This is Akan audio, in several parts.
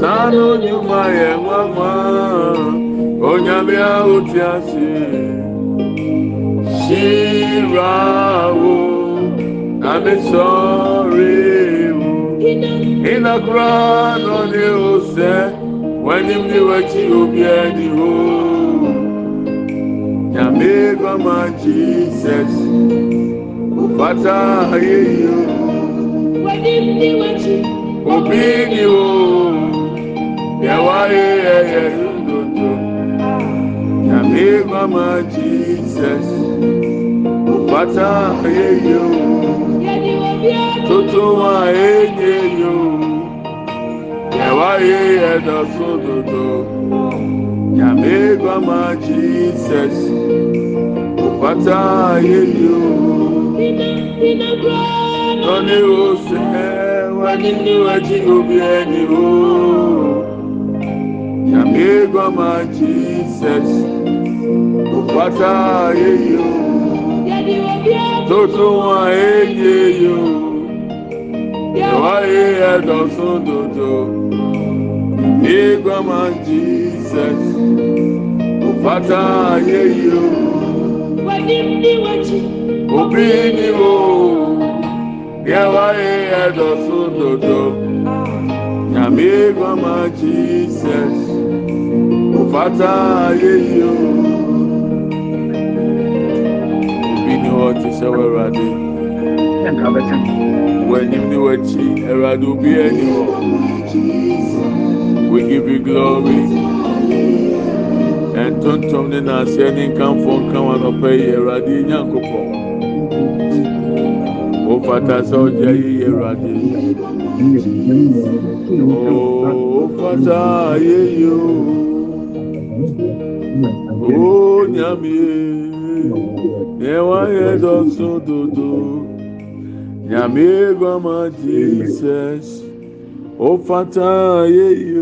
saa n'onye nwanyị enwe mma onye bịa otu asị shirawo na mesọrewo ịnakura nọ n'ose wani m niwechi obi ediho nyamegoma ụbata ahịa obi o Yawa ye ndodo. Yami mama Jesus. Upata ye yo. Toto wa ye ye dodo. Yami mama Jesus. Upata ye yo. Tina tina bro. Tony wani ni waji obi eni o. Goma Jesus Upata yeyo Totun a yeyo Ewa ye edosun dodo Ni Goma Jesus Upata yeyo Wadimni wachi Obini wo Ewa eu, edosun dodo Nyame Goma Jesus bàtà ayé yìí o obi ni hɔ te sɛ wɔawurade wɔanim ne wɔakyi awurade obiara ni hɔ we give you glory ɛntontom ne naaseɛ ne nkamfo nka wɔ anɔpa yi awurade yɛ nyankopɔn wofata sɛ ɔgya yi yɛ awurade wofata ayɛ yeah, o. Oh, Nyame, eu ainda sou Dudu. Nyame, goma Jesus, o fatal e eu.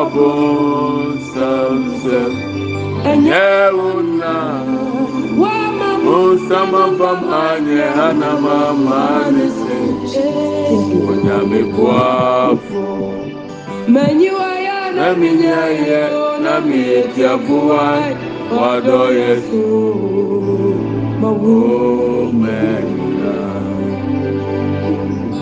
ɔbonsamseɛwuna monsabamfamanye hanamamane si nyamikuafoaminyayɛ na mietiafowa wadɔyɛsuome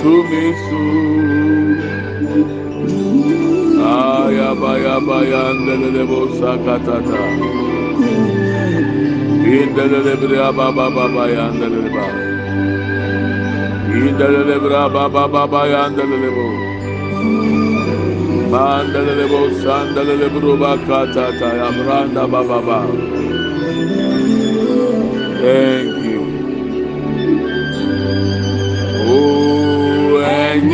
through me through. Ayabayabaya and the Lebo Sakatata. İndelele bra ba ba ba ba yandelele ba. İndelele bra ba ba ba ba yandelele bu. Bandelele bu sandelele bro ba kata ta ya branda ba ba ba. Thank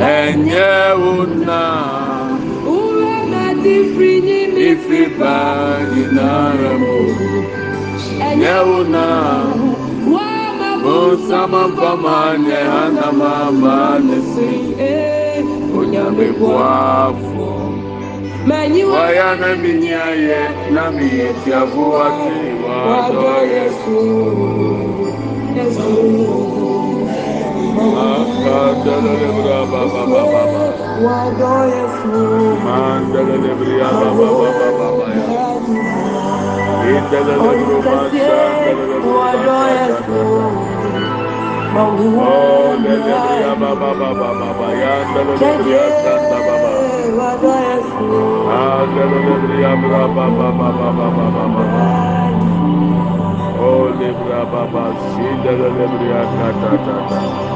ẹ̀yẹ ònà. Wúwo bá ti fi ní mi fi bá iná rẹ̀ mọ̀. Ẹ̀yẹ ònà. Osama ma ne anama ma ma ne si onyame buafo. Waya na mi ni ayẹ na mi yẹ ti afu ati ti wa dọ Yesu. Yesu. elebrababa sidallebria kaaaa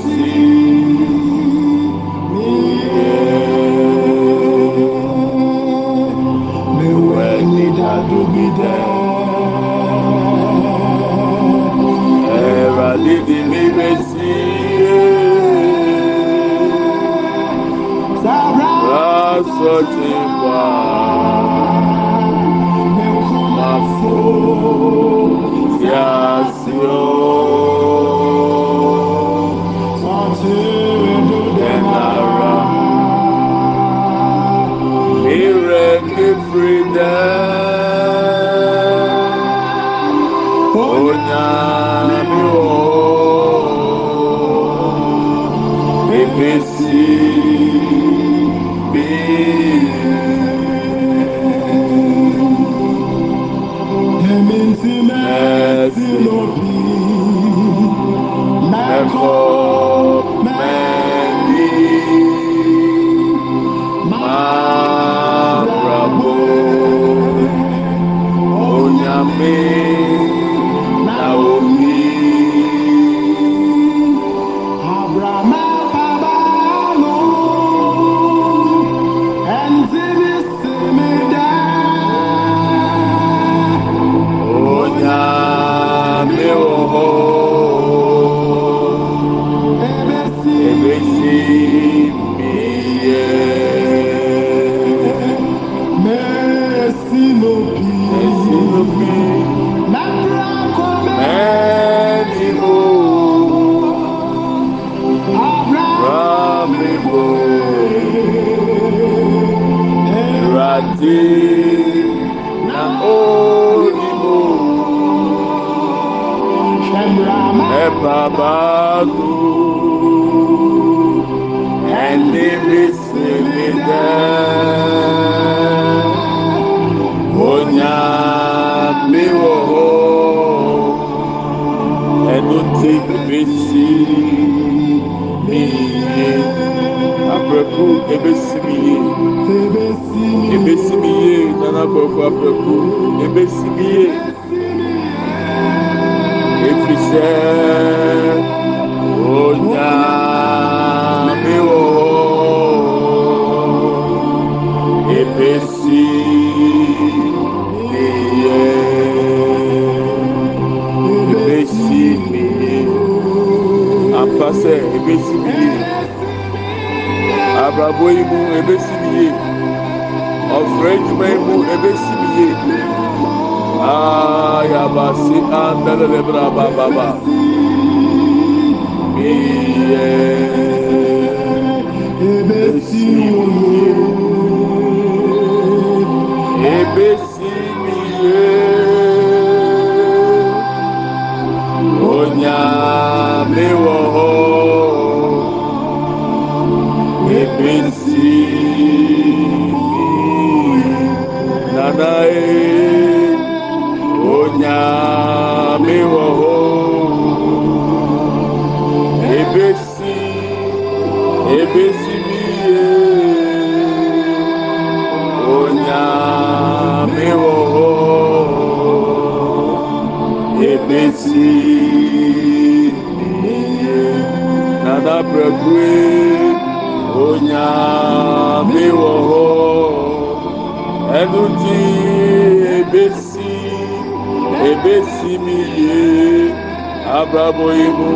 this babalu ɛni wisiniga bonya mi wɔhɔ ɛnu te ebesi miye akɛku ebesimiye ebesimiye yanabɔku akwɛku ebesimiye sempre ser Oda meu Epesi Miye Epesi Miye Apase Epesi Miye Abrabo Imu Epesi Miye Ọ̀fẹ́ Jumẹ́ Imu Epesi Miye. aya basi antɛlelebra bababa mie ebesi ebesimiye onya me prabue onyame wɔ hɔ ɛnu ti ebesi ebesi mi yie abrabɔ yi mu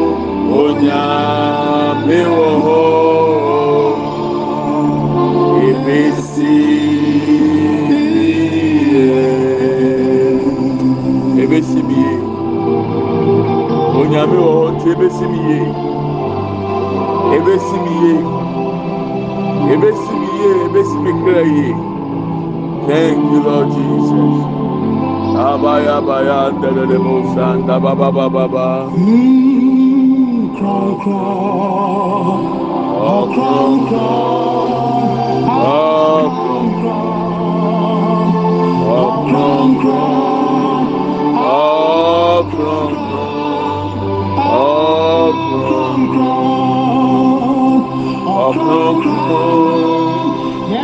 onyame wɔ hɔ ebesi mi yie ebesi mi yie onyame wɔ hɔ ti ebesi mi yie. ebesimiye ebesimiye ebesimikrayi thank you lord jesus abaya baya delele musa nda ba ba ba ba. cry oh cry cry oh cry cry oh cry cry oh cry cry oh cry cry ọgrụngụ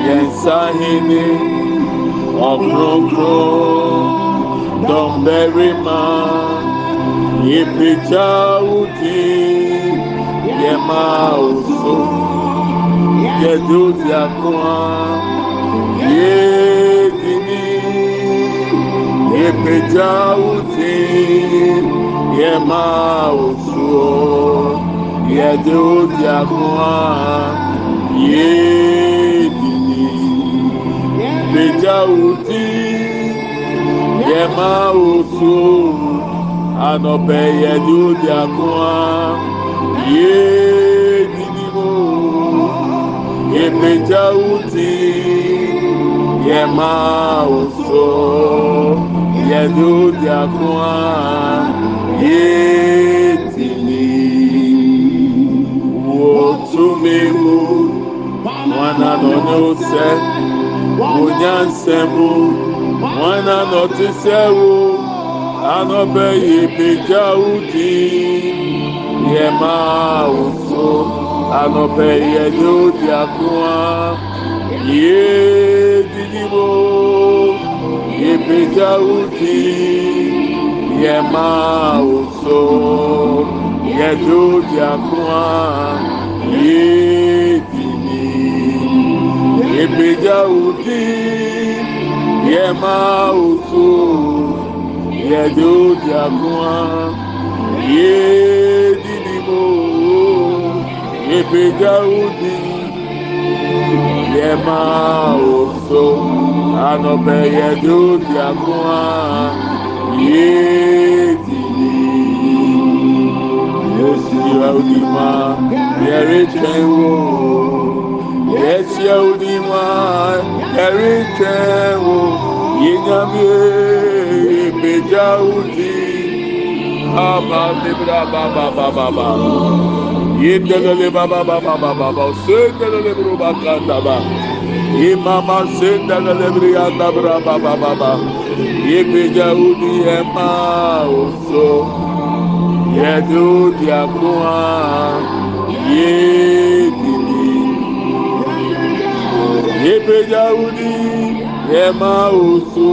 yẹnsahịni ọkrụngụn dọmberịma yekpezaụti yema ụsụ jẹ doziakua ye dini yekpezaụti yema ụsuụ yɛde wo diakoa yɛdini pagya wo ti yɛma wo so anɔpɛ yɛde wo diakoa yɛdini mo yɛpagya wo ti yɛma wo so yɛde wo n'onye ose onye nsemu nwana n'ọtịsịewu anọbeghị mmeja ụdị yema ụtụ anọbeghị enye ụdị akụwa yie dịnigbo mmeja ụdị yema ụtụ yẹjọ di akun a yee ìgbèjà òdì yẹ máa òtò yẹdẹ òdì di yé dídì mò ìgbèjà òdì yẹ máa òtò ànọ̀bẹ yẹdẹ òdì àgùnà yé dídì yẹ sí ọdì máa yẹ rí tẹ́wọ́ yɛsiɛ wo ni mua ɛritsɛ wo yenyamie gbedza wo ti ama lebra bababababa yedelele bababababa sedelele bro baka daba imama sedelele bri adabra babababa yegbedza wo ni ɛma oso yɛdo diakoa yee. yepejawudi yema oso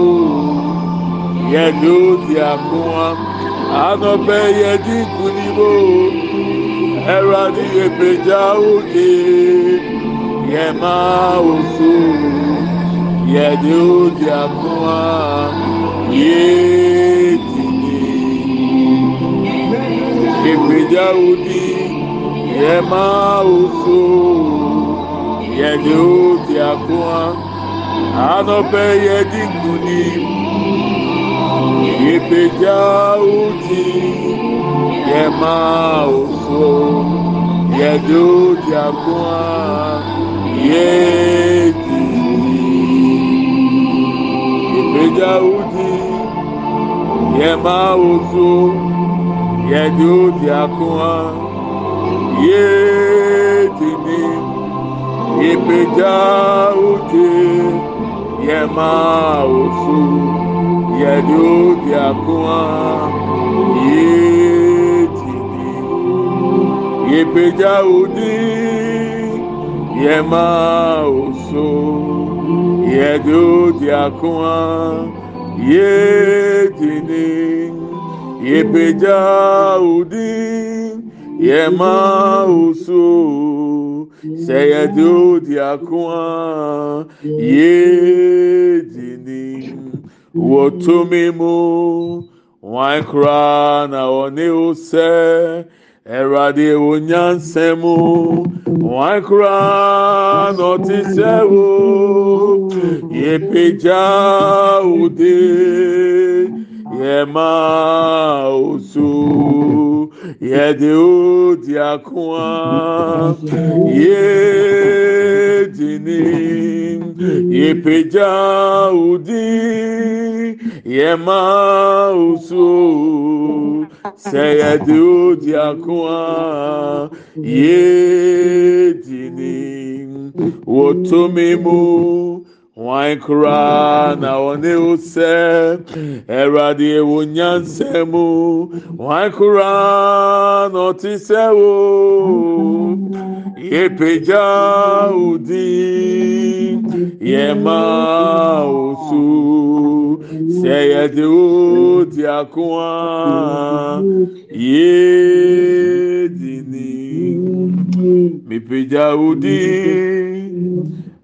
yedo diakoa anɔbɛ yedi kunibo ɛwurade yepejawudi yema oso yedo diakoa yedini yepejawudi yema oso yɛde o te akoa anɔpɛ yɛde guni yɛpɛgya o ti yɛma ofo yɛde o te akoa yɛdi yɛpɛgya o yɛma ofo yɛde o te akoa yɛdi ni. yepezaude yɛ ma osu yɛdɩ odiakua yedini yepejaudi yɛ ma oso yɛdɩ odiakua ye dini yepezaudi yɛ ma oso seyadu diakua yedini wotumimu wọn kura na ọne ose ẹwurade onyansẹmu wọn kura na ọti sẹwo yepeja ode yẹma osu. yede diakua ye dinin yepezadi yemauso seyedeo diakua ye dinin wòtomimu wị kura na wọ ne o se eradie wo yansemu wị cura nọtiseo ye pajaudi ye ma oso sẹ yẹde o diakua ye dini mi paja udi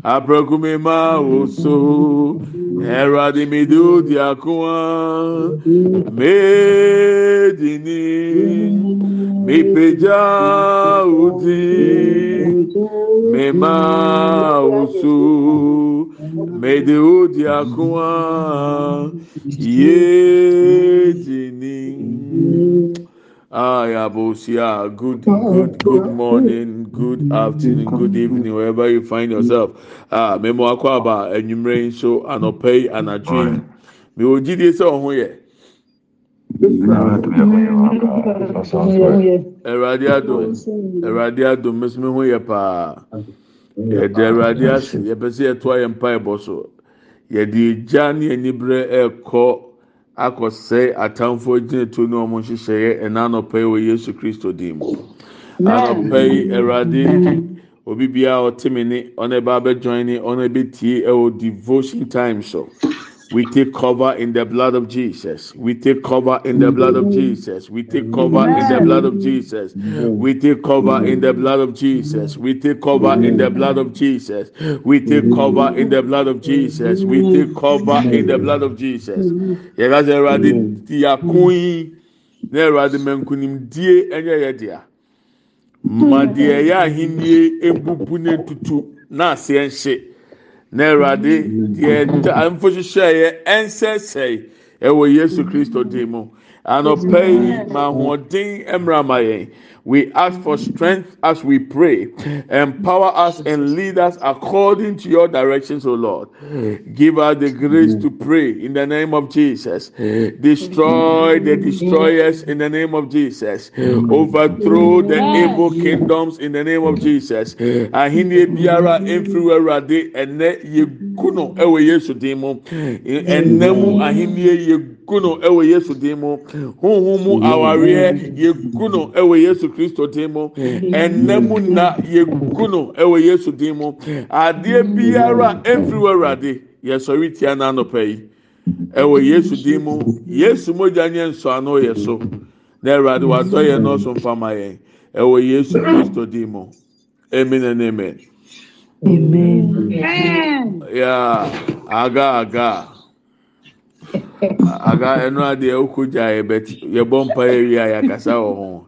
abrakume ma oso eradi mi dúró di àkúnwá méjì mi pèjá òdì mi má oso méjì ó di àkúnwá yéèjì ní. Ah, good, good, good morning. good afternoon, good evening, wherever you find yourself. Ah, memo akwaba enyimre nso anọpẹ anadwe. Mi ò jíde sẹ ọ̀hún yẹ. Ẹ̀rọ̀adé adùn ẹ̀rọ̀adé adùn mẹ́sìmí hún yẹ paa. Yẹ̀dẹ̀ ẹ̀rọ̀adé ase yẹ̀pẹ̀ sẹ́ yẹ̀tọ́ ayẹ̀ mpa ẹ̀bọ̀ so. Yẹ̀dẹ̀ ẹ̀gya ní ẹ̀nibirẹ̀ ẹ̀kọ́ akọ̀sẹ́ àtàǹfọ̀ gyina tó ní ọmọ nhyehyẹ́ ẹ̀nà anọpẹ́ wọ Yéṣu Kristo dìímù anɔpɛ yi awurade obi biara ɔte mi ni ɔna ɛba abɛjoin ni ɔna ɛbɛ tie ɛwɔ devotion time so. We take cover in the blood of Jesus. We take cover in the blood of Jesus. We take cover in the blood of Jesus. We take cover in the blood of Jesus. We take cover in the blood of Jesus. We take cover in the blood of Jesus. We take cover in the blood of Jesus. Yẹ́n ká sẹ́, Ẹ̀rọ̀dì tí a kún yín, ní Ẹ̀rọ̀dì mẹ́nkunim díẹ̀ ẹ̀yẹ́ yẹ́ díẹ̀. Mm. ma deɛ yɛ ahennie mbubu no ntutu na aseɛnhye na awurade mm. deɛ mfohwehwɛeɛ ɛnsɛsɛe ɛwɔ yesu kristo dei mu And obey my ahoɔden eh, we ask for strength as we pray empower us and lead us according to your directions o lord give us the grace to pray in the name of jesus destroy the destroyers in the name of jesus overthrow the evil kingdoms in the name of jesus ahene biara yesu dim mu ɛnɛ mu ahene yegu yesu dim honhom awareɛ yɛgu no ɛwɔ yesu kristo din mu ɛnna na yɛgu no ɛwɔ yesu din mu adeɛ biara everywhere wɔ awurade yɛsɔre tia n'anɔpɛ yi ɛwɔ yesu din mu yesu mogya nyɛ nsɔ ano yɛ so na awurade wadɔ yɛn n'ɔso mfama yɛn ɛwɔ yesu kristo din mu amen and amen. Amen. Yeah, aga aga. aga ɛnu adi ɛwɔkɔ gya yɛ bɛt yɛbɔ mpa yɛ wia yɛakasa wɔ ho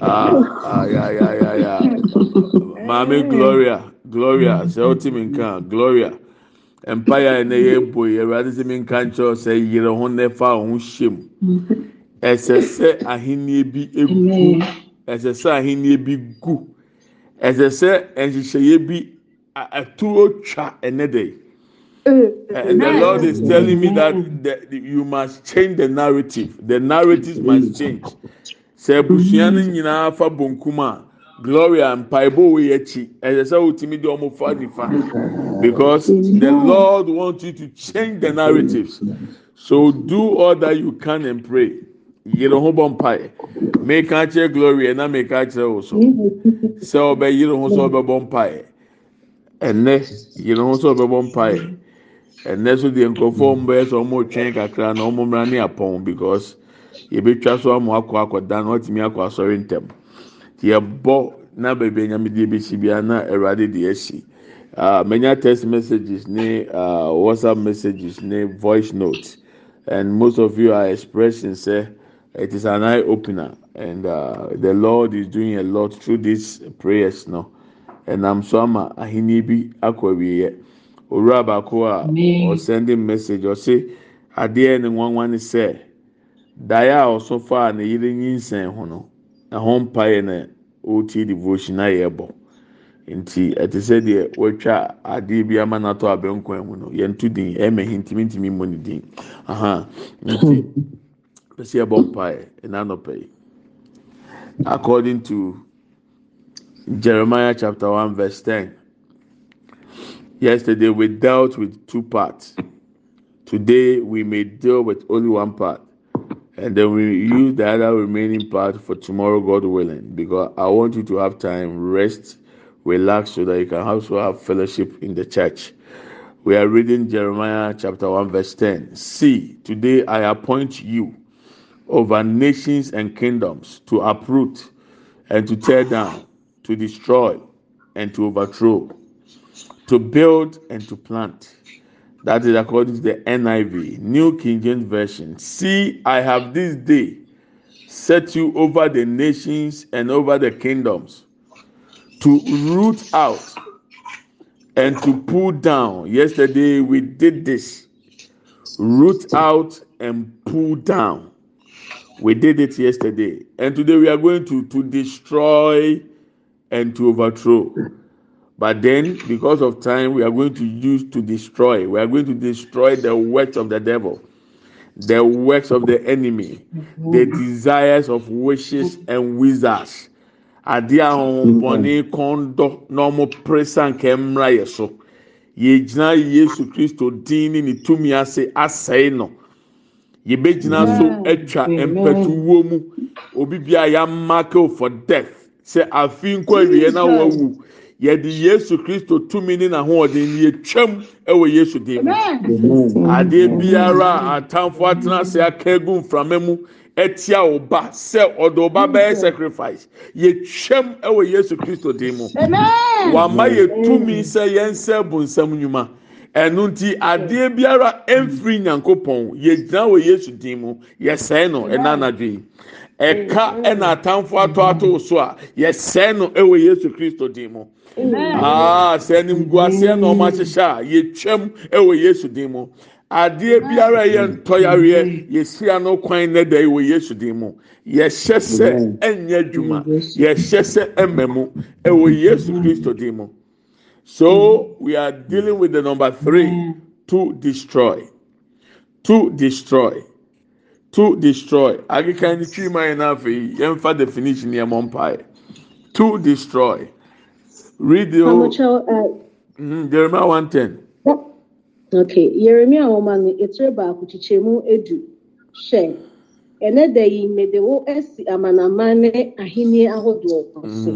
ayayayaya maame gloria gloria sɛ ɔte mi nka gloria mpa yɛ ɛnɛ yɛ ebo yɛ ɛwurade sɛ mi nka nkyɛn sɛ yɛrɛ ho nɛfa ho hyɛ mu ɛsɛ sɛ ahenie bi egu ɛsɛ sɛ bi gu ɛsɛ sɛ bi twa ɛnɛ And eh, eh, the Lord is telling me that the, you must change the narrative. The narratives must change. Sɛ abusua no nyinaa fa bonkum a Gloria mpaebo wo yɛ akyi ɛsɛ sɛ wotumi de ɔmo fa nifa because the Lord wants you to change the narratives. So do all that you can and pray. Yere ho bɔ mpae. Meka kyerɛ Gloria na meka kyerɛ wo so. Sɛ ɔbɛ yere ho sɛ ɔbɛ bɔ mpae. Ɛnɛ yere ho sɛ ɔbɛ bɔ mpae. ɛnɛ so deɛ nkurɔfoɔ ɔmo bɛyɛ sɛ ɔmo twɛn kakra na ɔmo mmeran ne apɔn because yɛbɛtwa so amo akɔ akɔda na ɔtumi akɔ asɔre ntɛm te yɛbɔ na baabi enyamidie bi si bia na ɛwurade deɛ esi aa ah, manya text messages ne aa ah, whatsapp messages ne voice note and most of you are expressing sɛ it is an eye opener and uh, the lord is doing a lot through these prayers no ɛnam so ama ahenni bi akɔ awieɛ. owura baako a ɔsɛndi message ɔsi adeɛ ne nwanwa ne sɛ daeɛ a ɔso fa a ne yere nyinsɛn ho no ɛho mpaeɛ na ɔɔti devotion ayɛ bɔ nti ɛte sɛ deɛ wɔatwa adeɛ bi ama na-atọ n'ato abɛnkwan mu no yɛn to din ɛmɛ hi ntumi ntumi mu ne din aha nti pɛsi ɛbɔ mpaeɛ ɛna anɔpɛ yi according to jeremiah chapter one verse ten. Yesterday we dealt with two parts. Today we may deal with only one part. And then we use the other remaining part for tomorrow, God willing. Because I want you to have time, rest, relax, so that you can also have fellowship in the church. We are reading Jeremiah chapter 1, verse 10. See, today I appoint you over nations and kingdoms to uproot and to tear down, to destroy and to overthrow to build and to plant. That is according to the NIV, New King James Version. See, I have this day set you over the nations and over the kingdoms to root out and to pull down. Yesterday we did this root out and pull down. We did it yesterday. And today we are going to, to destroy and to overthrow. But then, because of time, we are going to use to destroy. We are going to destroy the works of the devil, the works of the enemy, the mm-hmm. desires of witches and wizards. Adia a mm-hmm. kondo kɔn dɔ kemra yeso. presa nkɛmra Yesu Kristo dini ne ne tumi ase asɛe no. Yɛbɛgyina so etcha empetu mu. Obi ya yɛamake for death Se afi nkɔ awie na wawu. yɛde yesu kristo tumi ne n'ahoɔden yɛtwam ɛwɔ yesu dan mu adeɛ biara a atamfo atena ase aka egu mframa mu ɛtia ɔba sɛ ɔde ɔba bɛyɛ sacrifice yɛtwam ɛwɔ yesu kristo dan mu wama yɛtumi sɛ yɛn nsɛ bu nsɛm nnwuma ɛnu nti adeɛ biara ɛnfiri nyankopɔn yɛgyina wɔ yesu dan mu yɛsɛɛ no ɛna anadwo yi. ɛka ɛna atamfo ato ato so a yɛsɛn no ɛwɔ yesu kristo din mu aa ah, sɛ nimguaseɛ na ɔmo ahyehyɛ a yɛtwam ɛwɔ yesu din mu adeɛ biara yɛ ntɔyareɛ yɛsi ano kwan ne da ɛwɔ yesu din mu yɛhyɛ sɛ ɛnyɛ adwuma yɛhyɛ sɛ ɛmɛ mu ɛwɔ yesu kristo din mu so we are dealing with the number three to destroy to destroy. to destroy akeka ne twi man na afei yɛmfa definition yɛ mɔ mpae to destroy read the whole mm, jeremiah one ten. okay Jeremiah wɔma ni etire baako kyikyɛ mu edu hyɛ ɛnɛ da yi mede wo esi amanaman mm-hmm. mm-hmm. ne ahenni ahodoɔ so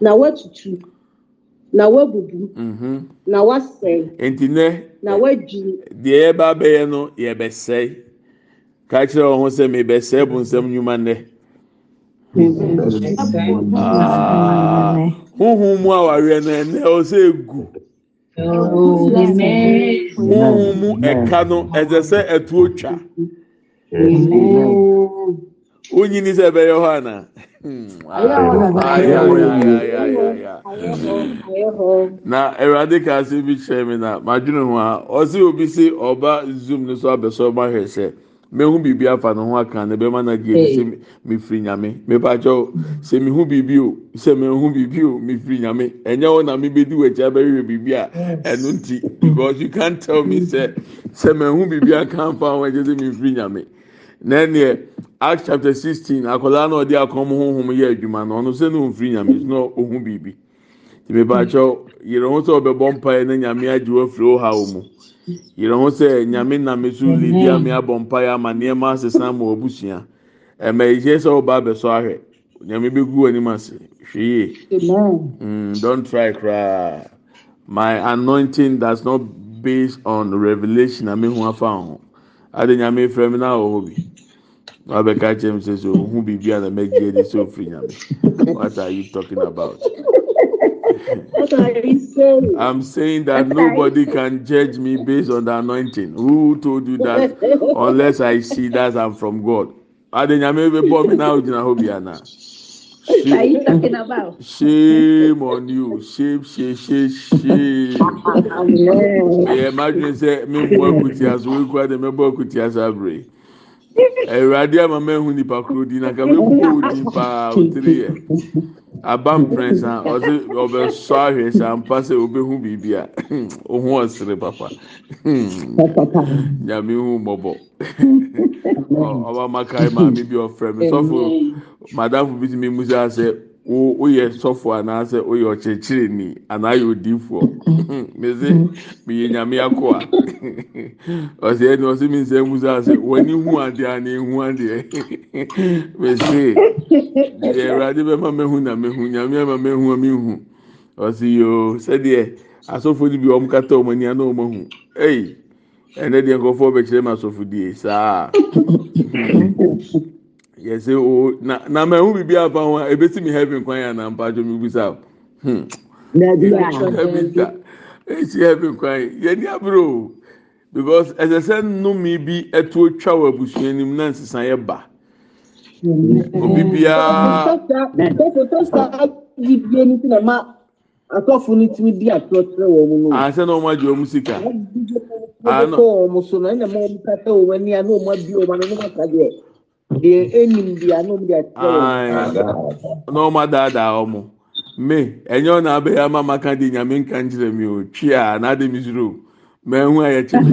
na watutu na wabubu na wasɛe nti nɛ na wadwi deɛ yɛba abɛyɛ no yɛbɛsɛe. ka ọhụrụ wɔ ho sɛ mebɛsɛe bo nsɛm nnwuma nnɛ honhom mu a na no ɛnɛ ɔ sɛ ɛgu honhom mu ɛka no ɛsɛ etu ɛtuo twa n'isi sɛ ɛbɛyɛ ọhụrụ anaa na awurade ka ase bi kyerɛ me na madwene ho a ɔse obi si ɔba zoom no so abɛsɔ mahwɛ sɛ mehu biribi afa ne ho aka ne bɛma na gye sɛ mefiri nyame mepaakyɛ o sɛ mehu biribi o sɛ mehu biribi o mefiri nyame ɛnyɛ wo na mebɛdi w'akyi abɛhwɛ biribi a ɛno nti because you can't tell me sɛ sɛ mehu biribi aka mfa ho agye sɛ mefiri nyame na chapter sixteen akwadaa na ɔde akɔm honhom na ɔno sɛ mfiri nyame biribi o yɛrɛ ho sɛ ɔbɛbɔ mpaeɛ na nyame agye ɔha mu. yẹrẹ ho sɛ nyame nam so lidi ame abɔ mpa yɛ ama nneɛma asesa ma wɔbusua ɛmɛ yi kyerɛ sɛ ɔba abɛsɔ ahwɛ nyame bi gu anim ase hwee mm don try koraa my anointing does not based on revelation na mi ho afa ho adi mi na ɔwɔ bi wabɛka kyerɛ mi sɛ so ohun biribi a na mɛ gye ɛdi sɛ what are you talking about. what are you saying? I'm saying that nobody can judge me based on the anointing. Who told you that? Unless I see that I'm from God. Shame, are you talking about? Shame on you. Shame, shame, shame, shame. Amen. imagine me boy kuti as we kwa de me boy kuti as abre. awurade ama mehu nipa koro di na nka mehu odi paa otiri yɛ aba mprɛnsa ɔsi ɔbɛsɔ ahwɛ sa mpa sɛ obehu biribi a ohu ɔsere papa nyame hu mɔbɔ ɔba makae maame bi ɔfrɛ mi sɔfo madam bi ti mi mu sɛ asɛ. wo woyɛ sɔfo anaasɛ woyɛ ɔkyerɛkyerɛni anaayɛ odiifoɔ mese meyɛ nyame akɔ a ɔsɛ ɛni ɔsɛ mi nsɛm mu saa sɛ wɔn ani hu adeɛ ani hu adeɛ mese deɛ awurade bɛma mɛhu na mɛhu nyame ama mɛhu a mɛhu ɔsɛ yoo sɛdeɛ asɔfo no bi wɔn kata wɔn ani ana wɔn ahu ɛyi ɛnɛ deɛ nkɔfoɔ bɛkyerɛ mu asɔfo die saa yɛsɛ o oh, na na ma ehu biribi afa ho a ebesi heaven kwan ya na mpacho mi bisa hmm esi heaven kwan yɛ ni aburo because ɛsɛ sɛ nnumi bi ɛto atwa wɔ abusua nim na nsesan yɛ ba mm-hmm. obi biara. atɔfo no tumi di atɔtɔrɔ wɔn mu. asɛ na wɔn agye wɔn sika. ano wɔn so na ɛna wɔn kata wɔn ani a na wɔn abie wɔn ano na wɔn aka deɛ deɛ enim deɛ anum deɛ ɛkyerɛ wɔn. na ɔmo adaadaa ɔmo me ɛnyɛ ɔna abɛyɛ ama maka de nyame nka nkyerɛ mi o twia n'ade mi zuro mɛ ehu ayɛ kyerɛ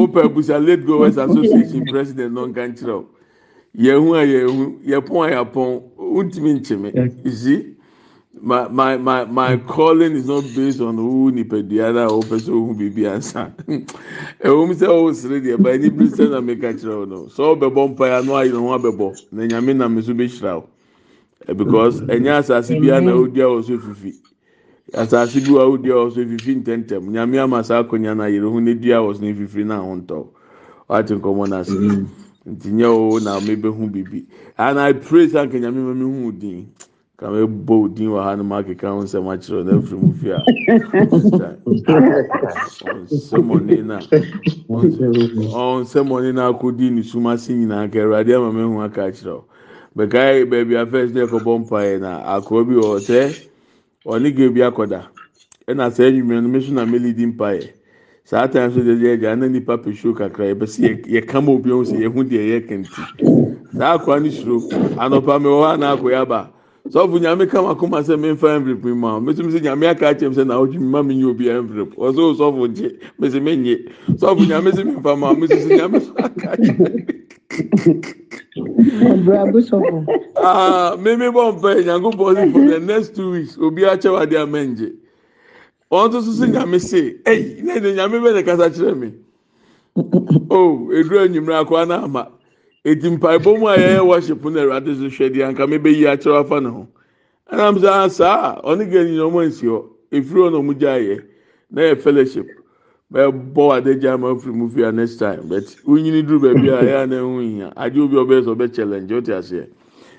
opɛ busa late growers association president nɔ nka nkyerɛ o yɛ ehu a yɛ ehu ntumi nkyɛn mi isi my my my my calling is not based on who nipadua na o pɛ sɛ ohun biribi ansa ɛwom sɛ o sere deɛ ba ɛni bilisɛ na mi ka kyerɛ o no sɛ ɔbɛbɔ mpae ano ayi na ho abɛbɔ na nyame na mi nso bɛ hyira o eh, because ɛnyɛ asase bi a na odua wɔ so fifi asase bi a odua wɔ so fifi ntɛntɛm nyame ama saa akonya na yɛrɛ ho ne dua wɔ so fifi na ho ntɔ wate nkɔmɔ na ase nti o na mi bɛ ho biribi and i pray sanke nyame ma mi hu din ka me bɔ o din wɔ ha no ma keka ho nsɛm akyerɛ na afiri mu fi a ɔnsɛmɔne na ɔnsɛmɔne na akɔdi ne suma se nyinaa ka awurade ama me ho aka akyerɛ o bɛkae baabi a fɛs ne ɛkɔbɔ mpaeɛ na akɔɔ bi wɔ sɛ ɔne ge bi akɔda ɛna sɛ ɛnwumire no mesu na meli di mpaeɛ saa taa nso deɛ deɛ ana nipa pesuo kakra yɛ bɛsi yɛ kama obi ho sɛ yɛ ho deɛ yɛ kente saa akɔa ne suro anɔpa mi wɔ ha na sf nyame kamama sɛ mef vrmnae amɛmfmmebɔpɛ nyankpɔ sfɔ he next t weeks obiaa kyɛwdeɛ amanye ɔnto sose nyame see nyame bɛne kasa kyerɛ medr oh, nyimerɛ akoa naama eti mpaebɔ mu a yɛyɛ worship na awurade so hwɛ deɛ anka mebɛyi akyerɛ afa ne ho ɛnam saa ah, saa ɔne gani na ɔmo nsi hɔ efiri hɔ na ɔmo gya yɛ na yɛ fellowship bɛbɔ adagya ama firi mu fia next time but wonyini duru baabi a yɛa na ɛho hia adi obi ɔbɛyɛ sɛ ɔbɛ challenge ɔte aseɛ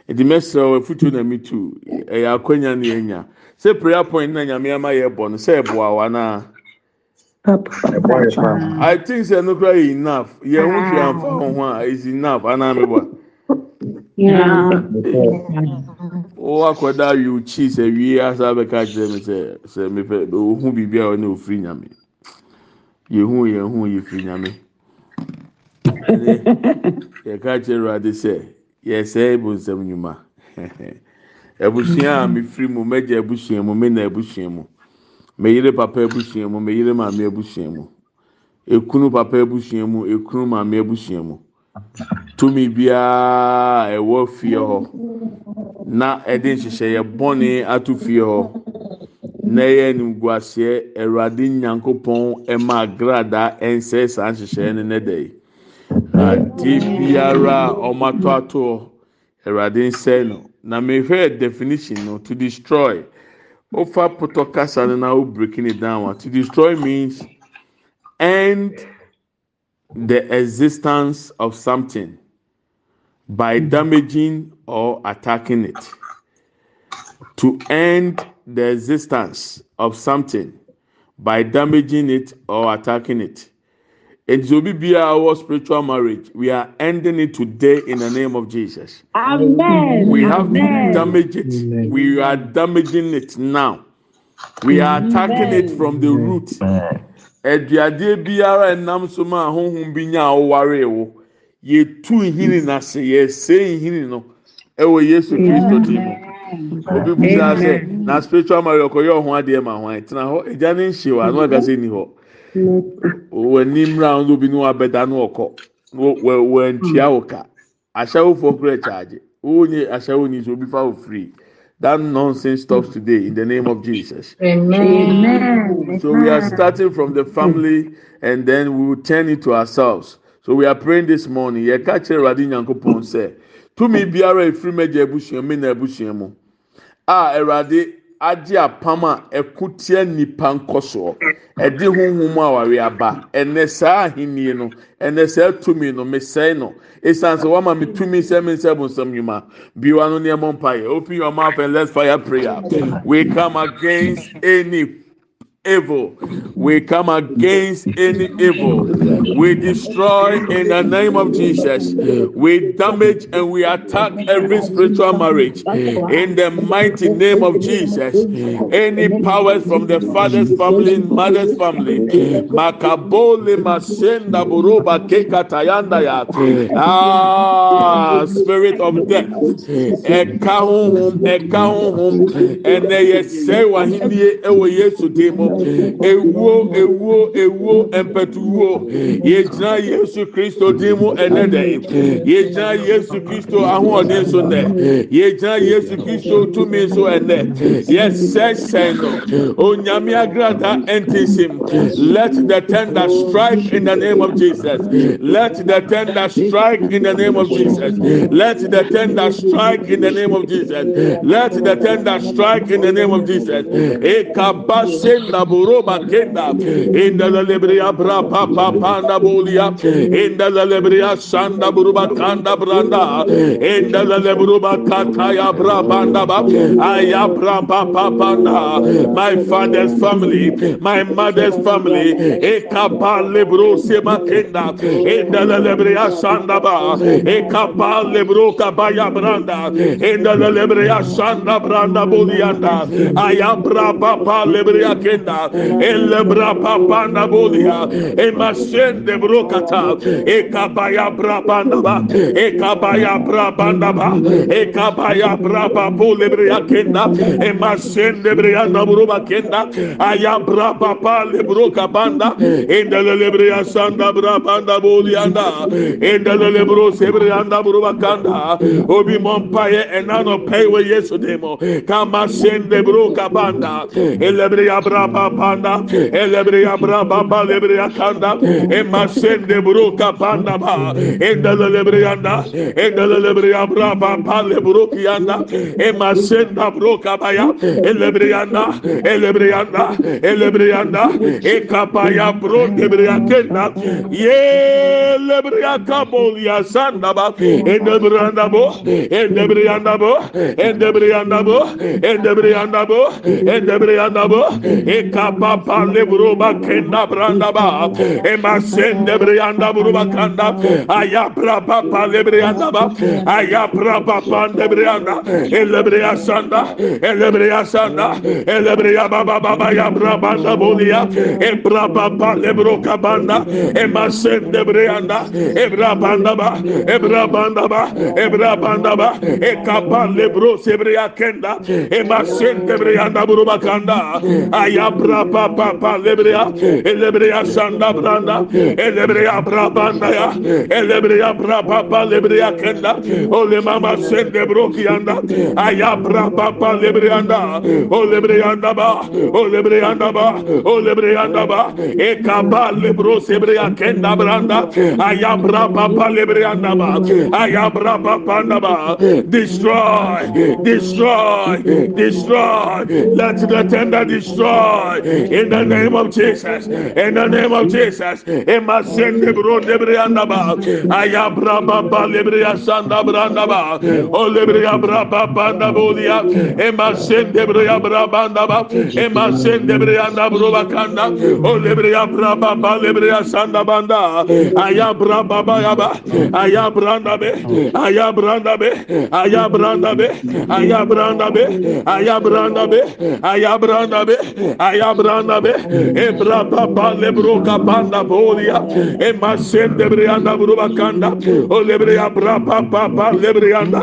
eti mɛsirɛ wɔ efutu na mi tu ɛyɛ akɔnya na yɛnya sɛ prayer point na nyame ama yɛ bɔ no sɛ ɛboa wa naa. ksɛnoaɛhaoenwwakɔda wkii sɛie asa bɛkakyerɛ mɛɔhu biribia ɔne ɔfir amyɛuuyɛfiriameyɛkaakyerɛ ade sɛ yɛsɛɛ bnsam nwuma abusua a mefiri mu mɛgya absua mu mena absua mu meyere papa abusua mu meyere maame abusua mu ekunu papa abusua mu ekunu maame abusua mu tumi biara ɛwɔ fie hɔ na ɛde nhyehyɛeɛ bɔne ato fie hɔ na ɛyɛ animguaseɛ ɛwurade nyankopɔn ɛma agradaa ɛnsɛ saa nhyehyɛeɛ no ne da ade biara ɔmo ato ato hɔ ɛwurade nsɛn no na mehwɛ definition no to destroy. Ofa putokasa and now breaking it down. To destroy means end the existence of something by hmm. damaging or attacking it. To end the existence of something by damaging it or attacking it. It's be our spiritual marriage. We are ending it today in the name of Jesus. Amen. We have Amen. damaged it. Amen. We are damaging it now. We are attacking Amen. it from the root. Aduade biara nam so ma honhom bi nya aware wo. Ye tu hini na se ye se hini no. Ewo Yesu Kristo di mu. Obi bu sa se na spiritual marriage ko yo ho ade ma ho. Tena ho, eja wà nhyewa no aga se ni ho w'anim round obi no abɛda no ɔkɔ w'antua wò hmm. ka ahyɛwofoɔ kura kyaagye wonye ahyɛwo ni so obi fa wò free that nonsense stops hmm. today in the name of Jesus. Amen. So we are starting from the family and then we will turn it to ourselves. So we are praying this morning. Yɛ ka kyerɛ Awurade Nyankopɔn sɛ tumi biara efiri mɛgya ebusua mi na ebusua mu a ah, Awurade. agye apam a ɛko tia nipa nkɔsoɔ ɛde honhom a wɔre aba ɛnɛ saa ahenni no ɛnɛ saa tumi no mesɛe no esan sɛ wɔama me tumi sɛ me nsɛ bonsam nnwuma biwa no nneɛma mpaeɛ open your mouth and let's fire prayer we come against any evil. We come against any evil. We destroy in the name of Jesus. We damage and we attack every spiritual marriage in the mighty name of Jesus. Any powers from the father's family, mother's family, masenda buruba Ah, spirit of death. and they say ewo demo ewuo ewuo ewuo mpɛtuwuo yɛgyina yesu kristo din mu ɛnɛ dɛ yɛgyina yesu kristo ahoɔden so nɛ yɛgyina yesu kristo tumi so ɛnɛ yɛsɛsɛn no onyame agrada ɛntinsim let the tender strike in the name of jesus let the tender strike in the name of jesus let the tender strike in the name of jesus let the tender strike in the name of jesus ekabasenda. panda buruma kenda inda la lebria bra pa pa panda bulia inda la lebria sanda buruba kanda branda inda la lebruba kataya bra panda ba aya bra pa pa panda my father's family my mother's family ekapa lebro sema kenda inda la lebria sanda ba ekapa lebro kabaya branda inda la lebria sanda branda bulianda aya bra pa pa lebria kenda elebraaandaba emasdebrkata ekayabrayakayabra eaabdayarada dasdaab aabrbakada obimompae enano peeyeso demo kaa panda elebriya braba balebriya kanda emasende buruka panda ba endala lebriyanda endala lebriya braba pale buruki yanda emasenda e baya elebriyanda elebriyanda elebriyanda ekapaya bronde briyakenda ye lebriya kabol ya ba endebriyanda bo endebriyanda bo endebriyanda bo endebriyanda bo endebriyanda bo kaba pale buruba kenda branda ba ema sende brianda buruba kanda aya braba pale brianda ba aya braba pande brianda ele bria sanda ele bria sanda ele bria baba baba ya braba da bolia e braba pale broka banda ema sende brianda e brabanda ba e brabanda ba e brabanda ba e kaba le bro sebria kenda ema sende brianda buruba kanda aya brapa papa lebrea elebrea sanda branda elebrea brabanda ya elebrea brapa lebrea kenda ole mama sende broki anda aya brapa lebrea anda olebrea anda ba olebrea anda ba olebrea anda ba e kaba lebro sebrea kenda branda aya brapa lebrea anda ba aya brapa panda ba destroy destroy destroy let the tender destroy destroyed in the name of Jesus. In the name of Jesus. Emasende bro lebrianda ba. Aya braba ba lebria sanda branda ba. O lebria braba banda bodia. Emasende bria braba banda ba. Emasende brianda bro bakanda. O lebria braba ba lebria banda. Aya braba ba ya ba. Aya branda be. Aya branda be. Aya branda be. Aya branda be. Aya branda be. Aya branda be yabranda be ebra baba lebro kabanda bolia e masende brianda buruba kanda o lebre abra baba baba lebrianda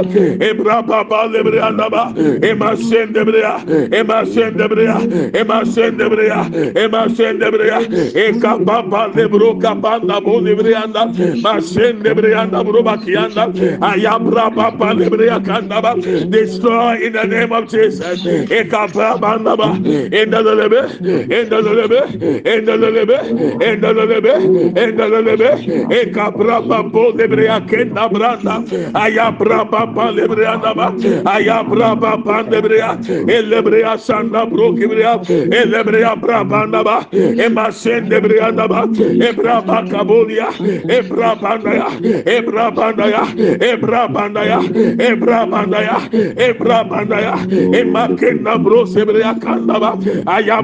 e bra baba lebrianda ba e masende brea e masende brea e masende brea e masende brea e kababa lebro kabanda boli brianda masende brianda buruba kianda ayabra baba lebrea kanda ba destroy in the name of Jesus e kababa banda ba e da lebe Endalelebe endalelebe endelelebe, endelelebe, endelelebe, endelelebe, ekabraba bo lebreya kenda branda, ayabraba ba lebreya daba, ayabraba ba lebreya, elebreya sanda bro kibreya, elebreya braba daba, emasen lebreya daba, e ebraba kabolia, ebraba daya, ya E ebraba daya, ebraba daya, ebraba daya, e e emakenda bro sebreya kanda ba, aya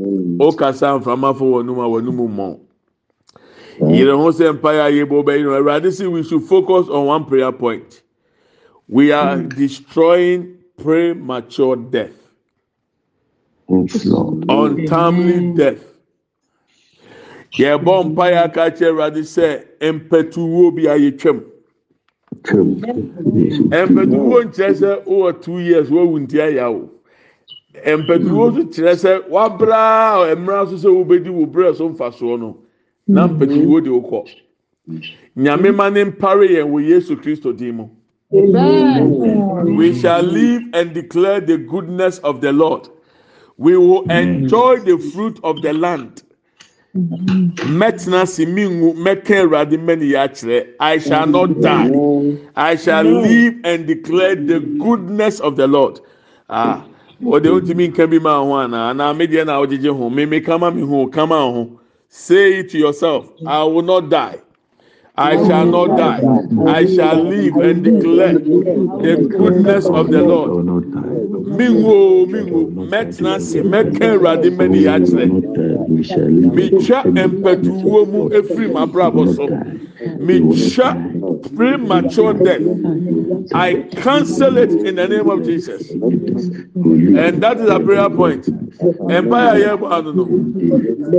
Mm. o kasa nframafo wɔn mu a wɔn mu mɔ yẹrẹ ho sẹ mpaeɛ ayé bó bẹyìn no ẹwurade say we should focus on one prayer point we are mm. destroying premature death untimely death yɛbɔ mm. mpaeɛ aka kyerɛ ɛwurade sɛ mpɛtuwo bi a yɛtwam mpɛtuwo nkyerɛ sɛ wowɔ two years wɔwu nti ayɛ awo. mpanyinfoɔ nso kyerɛ sɛ wabra mmerɛ nso sɛ wobɛdi wo brɛ so mfa soɔ no na de wokɔ nyame ma ne mpare yɛn wɔ yesu kristo din mu. We shall live and declare the goodness of the Lord. We will enjoy the fruit of the land. Mɛtena si mi mɛni yɛ akyerɛ. I shall not die. I shall live and declare the goodness of the Lord. Ah. wɔde ntumi nka bi ma ho ana ana media na awogyegye ho meme kama mi ho kama ho say it to yourself i will not die i shall not die i shall live and declare the goodness of the lord Mingo, mingo. Met wo mɛtena se mɛka awurade mɛni akyerɛ mi twa mpɛtuwo mu efiri so. Mecha premature death. I cancel it in the name of Jesus. And that is a prayer point. Empire here, I don't know.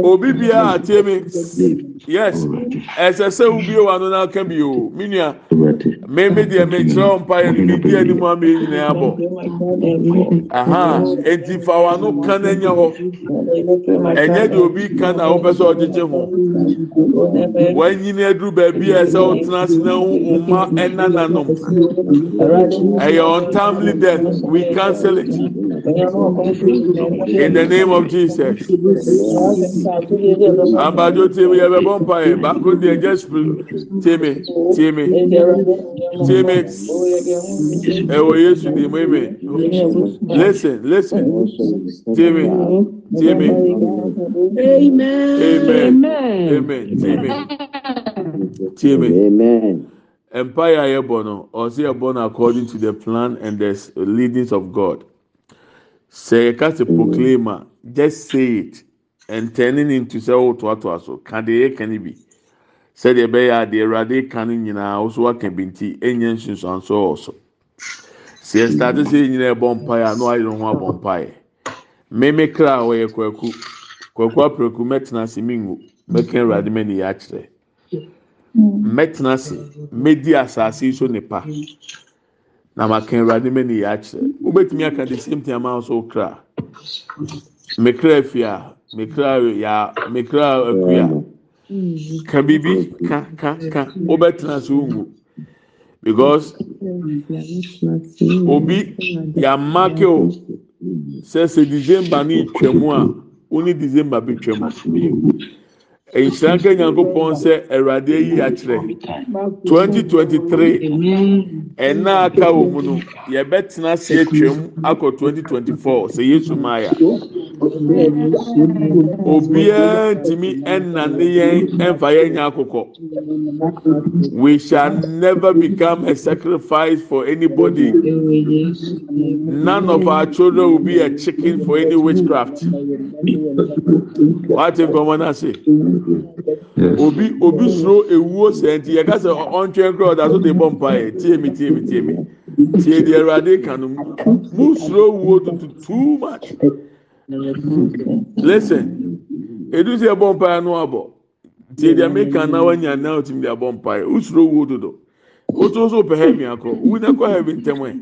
Obibia atemi. Yes. Ẹsẹ sẹ ubi o anu na kẹ bi o. Minia. Mẹ́mi the mi kyerẹ́ ọ̀mpáyé ni bí ẹni mu àmì ẹ̀yìn náà bọ̀. Eti fa wa anu kan ẹ̀yẹ họ. Ẹ̀yẹ di obi kan na ọ̀pẹ sọ ọ̀kyekyere ho. Wọ́n nyini ẹduru bẹ́ẹ̀. baabi a ɛsɛ ɔtena se na ɛna nanom ɛyɛ untimely death we cancel it in the name of jesus abajo yɛ bɛ bɔ baako deɛ just ɛwɔ yesu di mu emi listen listen tèmi tèmi amen amen tèmi. tie me empire a yɛbɔ no ɔsi yɛbɔ no according to the plan and the leadings of God Say, yɛka sɛ proclaim a just say it and turn it to sɛ wotoatoa so ka deɛ yɛka no bi sɛdeɛ ɛbɛyɛ a deɛ awurade ka no nyinaa woso waka bi nti ɛnyɛ nsunsuanso wɔ so also. yɛstarte sɛ yɛnyina saying mpaeɛ a na wayere ho abɔ mpaeɛ meme kra a wɔyɛ kwaku kwaku apiraku mɛtena ase mengu mɛka awurade m'ani yɛ akyerɛ mɛtena ase mɛdi asaase so nipa na maka awurade mɛni yɛ akyerɛ wobɛtumi aka de same thing ama nso kra mekra afia mekra ya mekra akuya ka biribi ka ka ka wobɛtena ase wongu because obi yamma ke o sɛ sɛ december ne twɛ mu a wɔn ni december bi twɛ mu. nyankopɔn sɛ awurade ayi akyerɛ 2023 ɛna aka wɔ mu no yɛbɛtena atwam akɔ 2024 sɛ yesu obiara ntumi yɛn yɛn nya akokɔ we shall never become a sacrifice for anybody none of our children will be a chicken for any witchcraft wate nkɔmɔ na se. obi obi soro ewuo senti yɛ kasa ɔntwɛn kura ɔda so de bɔ mpa yɛ tie mi tie mi tie mi tie deɛ ɛwurade ka no mu soro wuo tutu too much listen edu si ɛbɔ mpa yɛ no abɔ tie deɛ mi kan na wanya na o ti mi de abɔ mpa yɛ o soro wuo otu o tó so pɛ hɛmi akɔ o na kɔ hɛmi ntɛm yɛ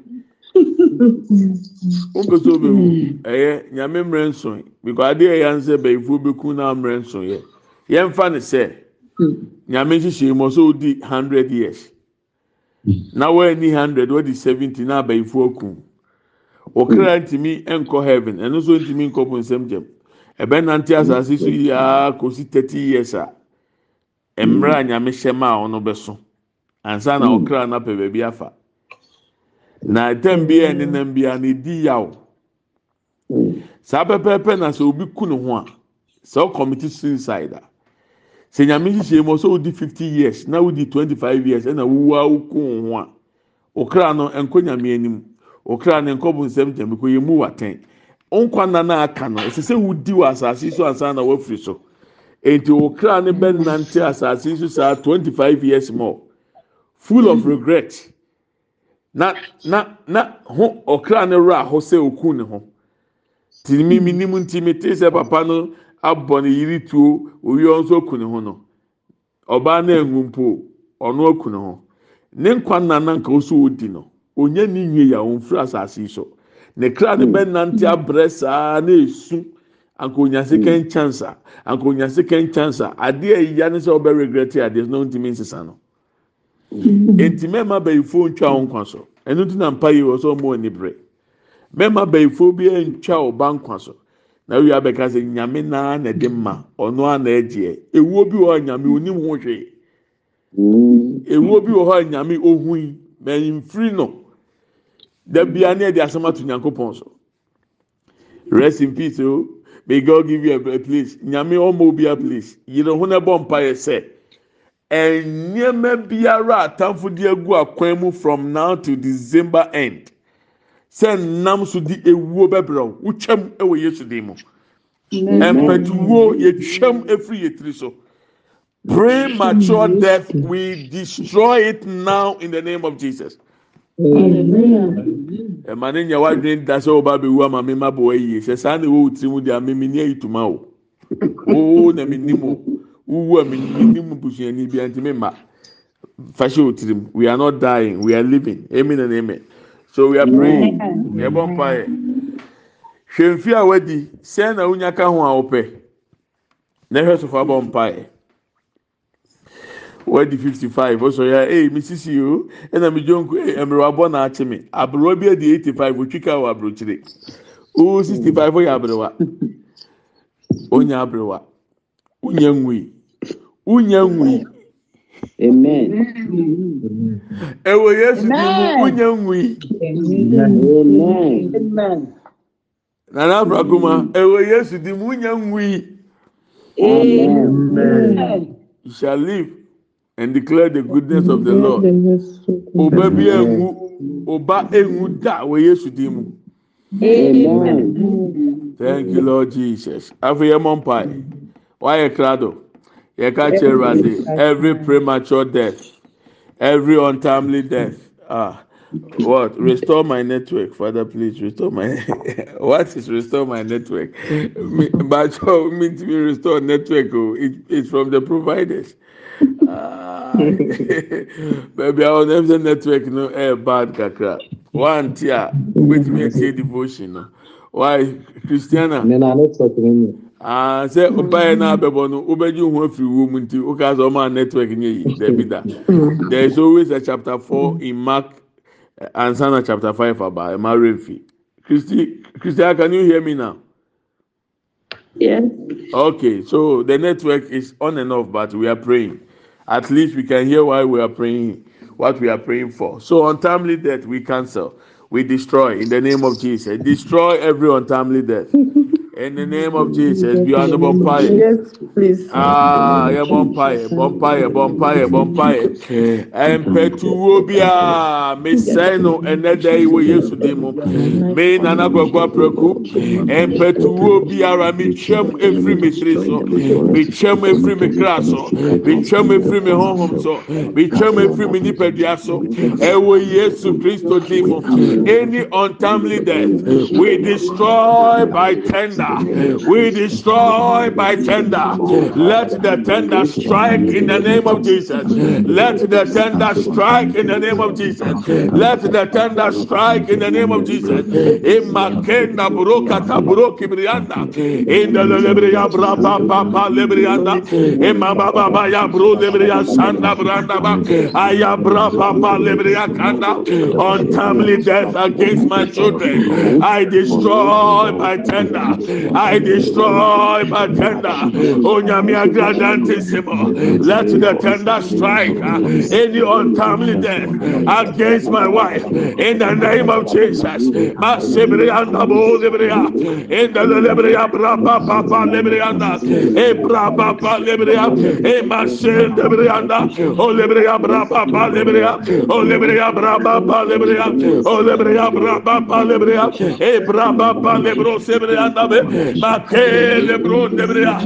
o mpɛ so bɛ wu ɛyɛ nyame mmerɛ nsɔn because adeɛ yɛ ansɛ bɛyifu bɛ kun na mmerɛ nsɔn yɛ. yɛmfa no sɛ hmm. nyame nhyehyɛ mu ɔsɛ wodi hundred years na wɔani hundred wɔdi seventy na abayifoɔ akum ɔkra ntumi nkɔ heaven ɛno nso ntumi nkɔ po nsɛm gyam ɛbɛnante asase so yia kɔsi thirty years a mmerɛ a nyame hyɛ ma a ɔno bɛso ansa na hmm. ɔkra no apɛ baabi afa na tam bi a ɛnenam hmm. bi a na edi yaw saa pɛpɛɛpɛ na sɛ obi ku ne ho a sɛ ɔkɔmiti suicide a. sɛ nyame hyehyɛ mu ɔsɛ wodi fifty years na wodi twenty five years ɛna wowua woko ho a okra no nkɔ nyame anim okra no nkɔ bu nsɛm tɛm kɔ yɛ mu watɛn nkwa na aka no ɛsɛ sɛ wodi wɔ asase so ansa na wafiri so nti okra no bɛ nante asase so saa twenty five years more full of regret na na na ho okra no ra ho sɛ oku ne ho tìmí mi ni mu ntìmí tí sɛ papa no. abɔ ne yiri tuo owie nso oku ne ho no ɔbaa na ehu mpo ɔno oku ne ho ne nkwa nana nka oso odi no onye ne yie ya onfiri asase yi so ne kra ne bɛ nante abrɛ saa na esu anka onyase kɛnkyɛnsa hmm. anka onyase kɛnkyɛnsa adeɛ a yiya ne sɛ ɔbɛ regreti adeɛ no ntumi nsesa no hmm. nti mɛma bɛyifoɔ ntwa wɔn nkwa so ɛno ti na mpa yi wɔ sɛ ɔmo ani brɛ mɛma bɛyifoɔ bi ntwa ọba nkwa so. na awie abɛka sɛ nyame naa na ɛde ma ɔno a ɛgyeɛ ewuo bi wɔ nyame onim ho hwee ewuo bi wɔ hɔ nyame ohui na nfiri no dabia ne ɛde asɛm ato nyankopɔn so rest in peace o oh. may god give you a, place nyame ɔmo obi a place yìnyɛn ho na ɛbɔ mpa yɛ sɛ ɛnneɛma biara atamfo de agu akwan mu from now to december end. sɛ nam so di ewuo bɛbrɛ wo wotwam ɛwɔ yesu dan mu mpɛtuwo yɛtwam efiri yɛtiri so premature death we destroy it now in the name of jesus ɛma ne nya wadwene da sɛ ɔba abɛwu ama mi ma bɔ ɛyie sɛ saa na ɛwɔ wotiri mu deɛ ama mi ni ayi tuma o oo na mi nim o wuwu a mi nim busuani bi a ntumi ma fashion wotiri mu we are not dying we are living amen and amen. so we are praying yɛ bɔ mpaeɛ hwɛ mfi a wadi sɛn na wonya ka ho a wopɛ na hwɛ sofa bɔ mpaeɛ wadi fifty five ɔsɔ yɛ ee mi sisi o ɛna mi jonko ee mmerɛ wabɔ na akyi mi aberewa bi adi eighty five otwi ka wɔ aburokyire oo sixty five ɔyɛ aberewa onya aberewa onya nwui onya nwui. Amen. Amen. Amen. Amen. Amen. Amen. shall live and declare the goodness of the Lord. Ọba bi enwu, ọba enwu da Ewe Yesu di Amen. Thank you Lord Jesus. Afei ẹ mọ mpa ẹ, wáyé every premature death every untimely death ah what restore my network father please restore my what is restore my network But bacho means to be restore network Oh, it it's from the providers ah baby our name network no air bad kakra one tear with me say devotion no oh. why christiana sɛ say, no abɛbɔ no wobɛgye ho afiri wo mu nti woka sɛ network nyɛ yi dabi da there is always a chapter four in mark eh, ansa na chapter five aba ɛma refi christy christy can you hear me now. Yeah. Okay, so the network is on and off, but we are praying. At least we can hear why we are praying, what we are praying for. So untimely death, we cancel, we destroy in the name of Jesus. Destroy every untimely death. In the name of Jesus, be on the bonfire. Yes, please. Ah, yeah, bonfire, bonfire, bonfire, bonfire. And Petuobia, me seno, and that day we used to demo. Me nana gogwa preku. And Petuobia, me chem every mitriso. Me chem every me so Me chem every me home so. Me chem every me nipediaso. Ewe Yesu Christo demo. Any untimely death, we destroy by tender. We destroy by tender. Let the tender strike in the name of Jesus. Let the tender strike in the name of Jesus. Let the tender strike in the name of Jesus. In Makenda Broka Tabroki Brianda. In the Lebria Brapa Papa Lebrianda. In Mababa Yabro Lebria Sanda Branda Ayabra Papa Lebria Kanda. Untimely death against my children. I destroy by tender. I destroy my tender. my grandantissimo. Let the tender strike any uh, untimely death against my wife in the name of Jesus. Masibrianda Bolibria in the Libria Brapa Papa Librianda E Brapa Libria E Masin Librianda O Libria Brapa eh, Libria O oh, Libria Brapa Libria O oh, Libria Brapa Libria E Brapa Libro Sebrianda Bate lebron lebrea.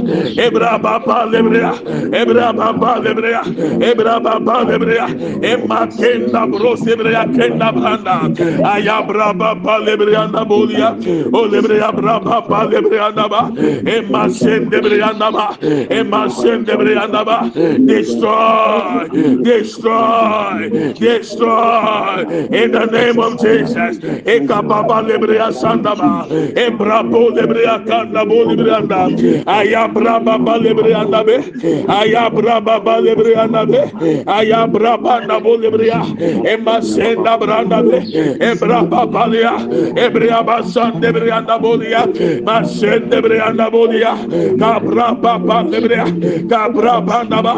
Ebra baba lebrea. Ebra baba lebrea. Ebra baba lebrea. Emma kenda bros lebrea kenda branda. Ayabra baba lebrea da bolia. O lebrea braba baba lebrea da ba. Emma sen lebrea da ba. Emma sen lebrea da ba. Destroy. Destroy. Destroy. In the name of Jesus. Eka baba lebrea sandaba. Ebra bo yakanda bu libriyanda ayabra baba anda be ayabra baba anda be ayabra baba bu libriya emma senda branda be ebra baba liya ebriya basan libriyanda bu liya basen libriyanda bu liya kabra baba libriya kabra banda ba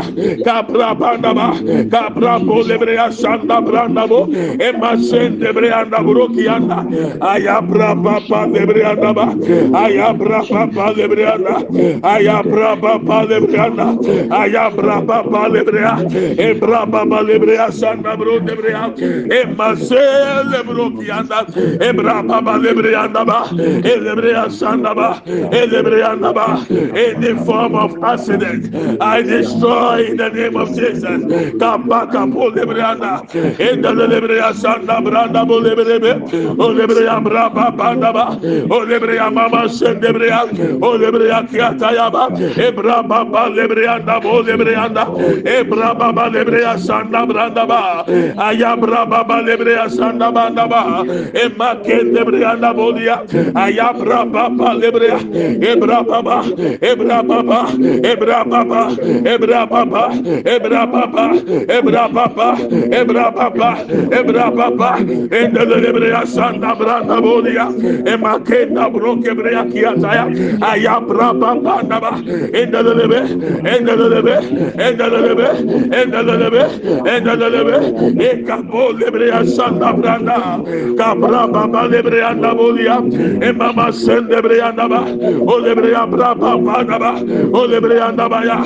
kabra banda ba kabra bu libriya sanda branda bu emma sen libriyanda bu rokiyanda ayabra baba anda ba ay ayabra papa lebriana ayabra papa lebriana ayabra papa lebria ebra papa lebria santa bro debria e masel bro kianda ebra papa lebrianda ba e lebria santa ba e lebrianda ba any form of accident i destroy in the name of jesus kabaka po lebrianda e da lebria santa branda bo lebrebe o lebria bra papa da ba o lebria mama sen debreyan o debreyan kıyata yaba ebra baba debreyan da da ebra baba debreyan sanda branda ba ayabra baba debreyan sanda banda ba emma ken debreyan da bo diya ayabra baba debreyan ebra baba ebra baba ebra baba ebra baba ebra baba ebra baba ebra baba ebra baba endele debreyan sanda branda bo diya emma ken da bro kebreyan kiataya ayabra bamba naba endelelebe endelelebe endelelebe endelelebe endelelebe e kapo lebre asanda branda kabra bamba lebre anda bolia e mama sen lebre anda ba o lebre abra bamba naba o lebre anda ba ya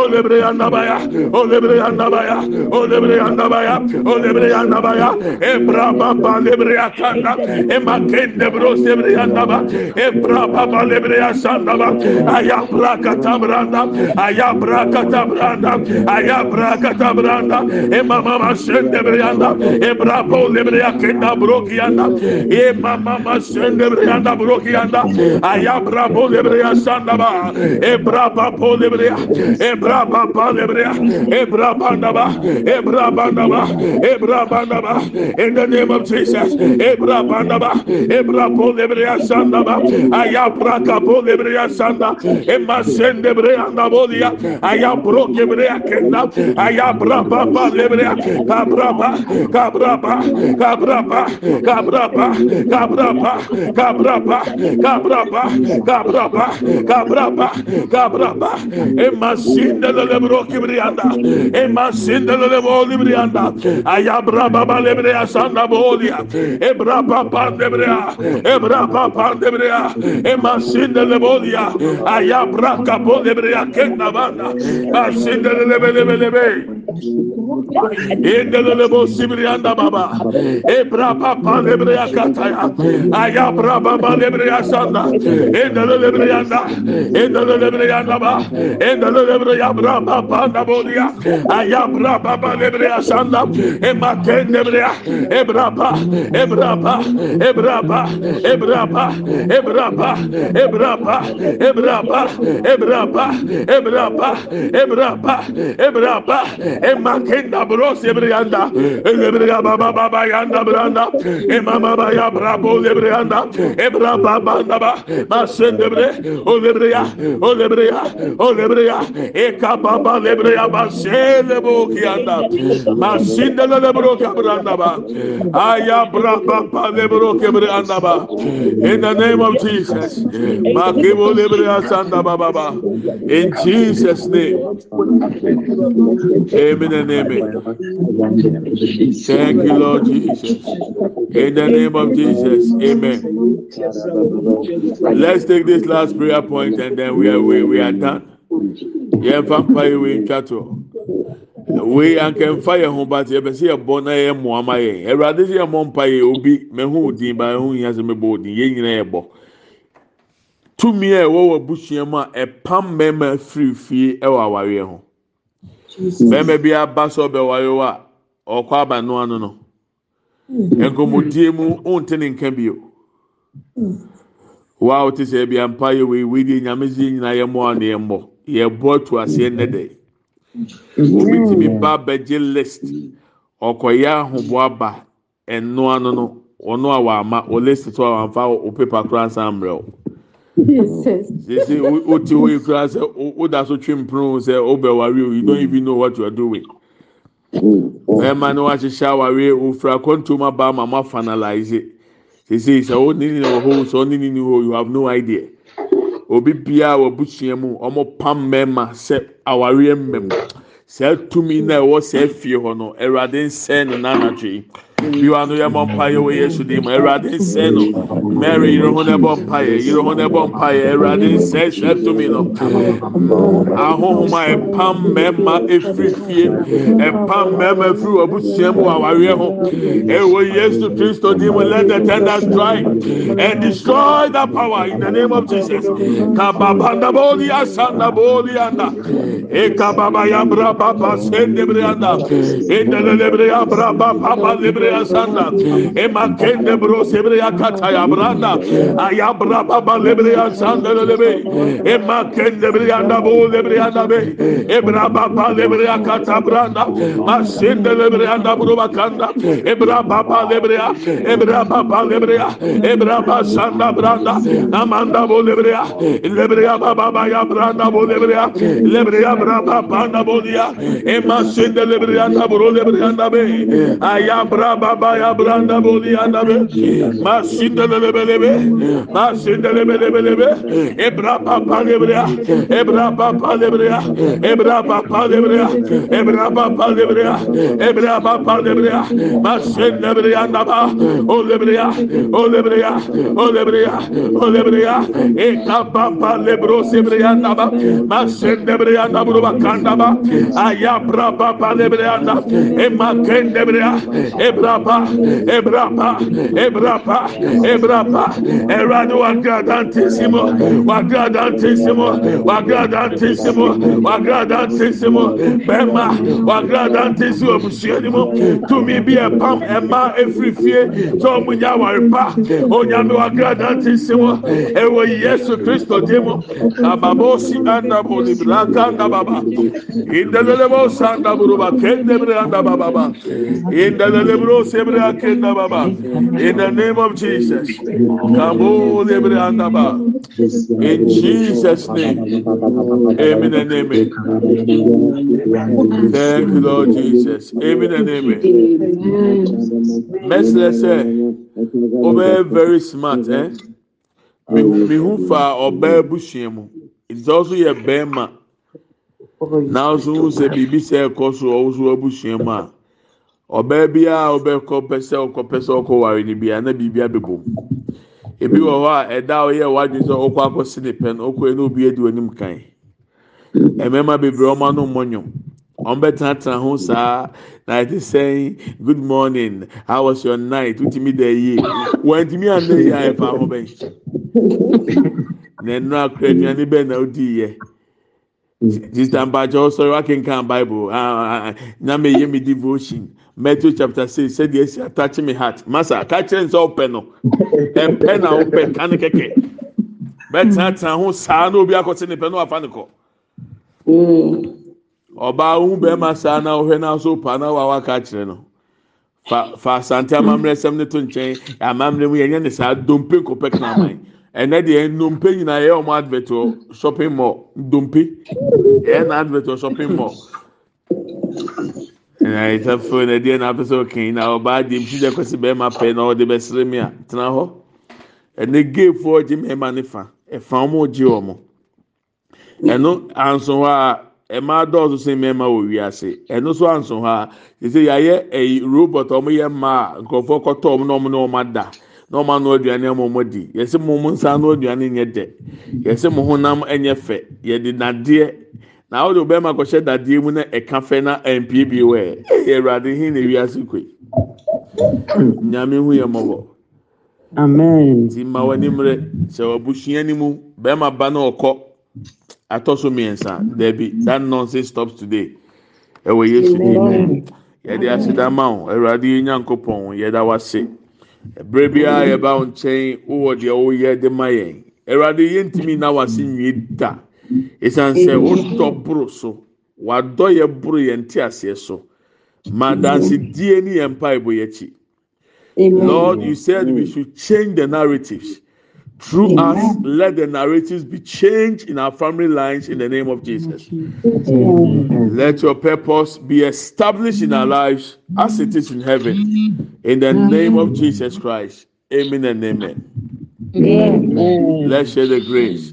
o lebre anda ba ya o lebre anda ba ya o lebre anda ba ya o lebre anda ba ya e bra bamba lebre atanda e ma kende bro lebre anda ba e bra papa lebreya sandaba aya braka tabranda aya braka tabranda aya braka tabranda e mama masende breyanda e brapo ya kenda brokiyanda e mama masende breyanda brokiyanda aya brapo ya sandaba e brapa po lebreya e brapa pa lebreya e brapa ndaba e brapa ndaba e brapa ndaba in the name of Jesus e brapa ndaba e brapo lebreya sandaba aya brakabole breasanda emasende breana bolia aya broke breakeda aya brababalebrea kaaaa ab aa kabraba emasindelole broki brianda emasindelole booli briada aya brababalebreasanda boolia ebraba paebrea e braba bae brea emasidelevodia aja brakapodebreakenavana masideeevleve Endelebo Sibrianda Baba, Ebrapa Palebrea Kataya, Ayabra Baba Lebrea Sanda, Endelebreanda, Endelebreanda Ba, Endelebreabra Baba Nabodia, Ebra Baba Ebra Sanda, Ebra Lebrea, Ebra Ebrapa, Ebra Ebrapa, Ebra Ebrapa, Ebra Ebrapa, Ebra Ebrapa, Ebra Ebrapa, emakenda bros ebrianda ebria eh. baba baba yanda branda emama baba ya brabo ebrianda ebra baba ndaba basende bre olebria olebria olebria eka baba lebria basele bokianda masinde lebro kabranda ba eh. aya braba baba lebro kebranda ba eh. in the name of Jesus makibo lebria sanda baba in Jesus name Amen and amen. Thank you, Lord Jesus. In the name of Jesus, amen. Let's take this last prayer point and then we are we, we are done. Yẹn fa mpa yi wei ntwa to. Wei ankɛnfa yɛn ho ba te yɛpɛ sɛ yɛbɔ na yɛ mmoa ma yɛn. Awurade sɛ yɛmmɔ mpa yɛ obi mɛho odin ba ɛho yɛn sɛ mɛbɔ odin yɛn nyinaa yɛbɔ. Tumi a ɛwɔ wɔ busua mu a ɛpam mmarima firi fie ɛwɔ awareɛ ho. bɛrima bi aba sɛ ɔbɛwayewa a ɔkɔ aba noa no no mu ɔnte ne nka bio wa a ɔte sɛ ebi ampa yɛ wei wei deɛ nyame zie nyinaa yɛ mmoa no yɛ mmɔ yɛ bɔ to aseɛ nnɛ dɛ obi ti bi ba abɛgye list ɔkɔyɛ ahoboaba ɛnoa no no ɔno a wama o list so a wamfa o paper koraa nsa mbrɛ o. Jesus. They say, "Oti ti o ikura o da so twi mpuru sẹ, o bẹ wari o, you don't even know what you are doing." Bẹ́ẹ̀ma mm-hmm. ni wọ́n ahyehyẹ awari ofura oh, kọ́ntoma ba ama ma finalize. Sese sẹ o nini na wọ hó sọ nini oh, oh, ni hó you have no idea. Obi bia wọ busua mu, ọmọ pam mẹ́ẹ̀ma sẹ awari mẹ́mu. Sẹ́ tumi náà ẹ̀wọ́ sẹ́ fie hɔ no, ẹ̀rọ adé nsẹ́ ne nanatwe. ɛbpwyesu dm de nsɛno mry yr bmp nstmi homa ɛpamma frifie pamma frisu ysu kristo eeepow sebreya sanda. Emakende bro sebreya kataya branda. Ayabra baba lebreya sanda lebe. Emakende breyanda bu lebreyanda be. Ebra baba lebreya kata branda. Masinde lebreyanda bro bakanda. Ebra baba lebreya. Ebra baba lebreya. Ebra baba sanda branda. Amanda bu lebreya. Lebreya baba ya branda bu lebreya. Lebreya braba banda bu ya. Emasinde lebreyanda bro lebreyanda be. Ayabra baba ya branda boli anda be masinde lele bele be masinde lele bele bele be ebra papa lebrea ebra papa lebrea ebra papa lebrea ebra papa lebrea ebra papa lebrea masinde lebrea anda ba o lebrea o lebrea o lebrea o lebrea e papa lebro sebrea anda ba masinde lebrea anda buru bakanda ba ayabra papa lebrea anda e makende lebrea ebra Ebrapa, Ebrapa, Ebrapa, Ebrapa, Eradu Wagadantissimo, Wagadantissimo, Wagadantissimo, Wagadantissimo, Bema, Wagadantissimo, Shianimo, to me be a pump, Emma, every fear, Tom Yawarpa, Onyami oh, Wagadantissimo, Ewa Yesu Christo Demo, Ababosi and Aboli Blanca and Ababa, in the Lebo Santa Buruba, Kendebra and Ababa, in the Lebro. k s minemu mɛslɛ sɛ obɛɛ very smartɛ eh? mihu faa ɔbaa abusua mu sɛ ɔso yɛ baɛ ma naaso hu sɛ biribisɛ kɔ so ɔwoso waabusuamua ɔbaa biara ɔbɛkɔ pɛ sɛ ɔkɔ pɛ sɛ ɔkɔ ware ne bia na biribi abɛbɔ mu ebi wɔ hɔ a ɛda a ɔyɛ wadwi sɛ ɔkɔ akɔ ne pɛ no ɔkɔ ɛna obi edi wɔnim kan mmarima bebree ɔmo ano mo ɔmo bɛtenatena ho saa na ɛte sɛn good morning how was your night wotumi da yie wɔntumi ana yie a ɛfa ho bɛn na ɛnura akora aduane bɛn na odi yɛ sista mpakyɛw sɔrɔ bible ah, ah, ah, na meyɛ me devotion. Matthew chapter six sẹ́díẹ̀ sí attach me heart masa kákyerẹ́ nsá ọ̀pẹ and ẹ̀pẹ́ na ọ̀pẹ kánì kẹ̀kẹ́ bẹ́ẹ̀ tẹ̀nà tẹ̀nà ho sáá ní obi akọ̀tí ní pẹ̀ ní wàá fa ní kọ̀ na ohun bẹ́ẹ̀ ma so pa náà wàá wá kákyerẹ́ no fa fa asante amammerẹ sẹm ní tó nkyẹn amammerẹ mu yẹn yẹn ní sáá dompe nkọ pẹ́ kàn án ẹnẹ deɛ ndompe nyinaa yɛ ɔmo advert wɔ oh, shopping mall ndompe yɛ na advert wɔ oh, shopping mall ɛsafo na deɛ na apɛ sɛ na ɔbaa deɛ mfi dɛ kɔsi bɛrima pɛ na ɔde bɛsere mi a tena hɔ ɛnɛ geefoɔ gye mɛma ne fa ɛfa wɔn gye wɔn ɛno anso hɔ a ɛmaa dɔɔso sɛ mɛma wɔ wiase ɛno so anso hɔ a sɛ yɛayɛ ɛyi robot a wɔyɛ mmaa nkurɔfoɔ kɔtɔ wɔn na wɔn na wɔn ada na wɔn ano aduane a wɔn di yɛsɛ wɔn nsa ano aduane nyɛ dɛ yɛsɛ wɔn honam nyɛ fɛ yɛde nadeɛ na wode ɔbɛrima kɔhyɛ dadeɛ mu na ɛka fɛ na ɛmpie bi wɛ ɛyɛ awurade hin na ewiase kwe hmm. nyame hu yɛ mmɔbɔ amen ti ma w'ani mmerɛ sɛ w'abusua ni mu bɛrima ba na ɔkɔ atɔ so mmiɛnsa dɛbi that nonsense stops today ɛwɔ yesu amen yɛde aseda ma wo awurade yɛ nyankopɔn yɛda w'ase ɛberɛ biara yɛba wo nkyɛn wowɔ deɛ woyɛ de ma yɛn awurade yɛntumi na w'ase nwie da. It's sɛ wotɔ boro so wadɔ yɛ boro yɛn ti aseɛ so ma dansedie ne yɛn mpa ɛbɔ lord you said we should change the narratives through Amen. us let the narratives be changed in our family lines in the name of jesus Amen. let your purpose be established in our lives as it is in heaven in the name of jesus christ amen and amen, amen. let's share the grace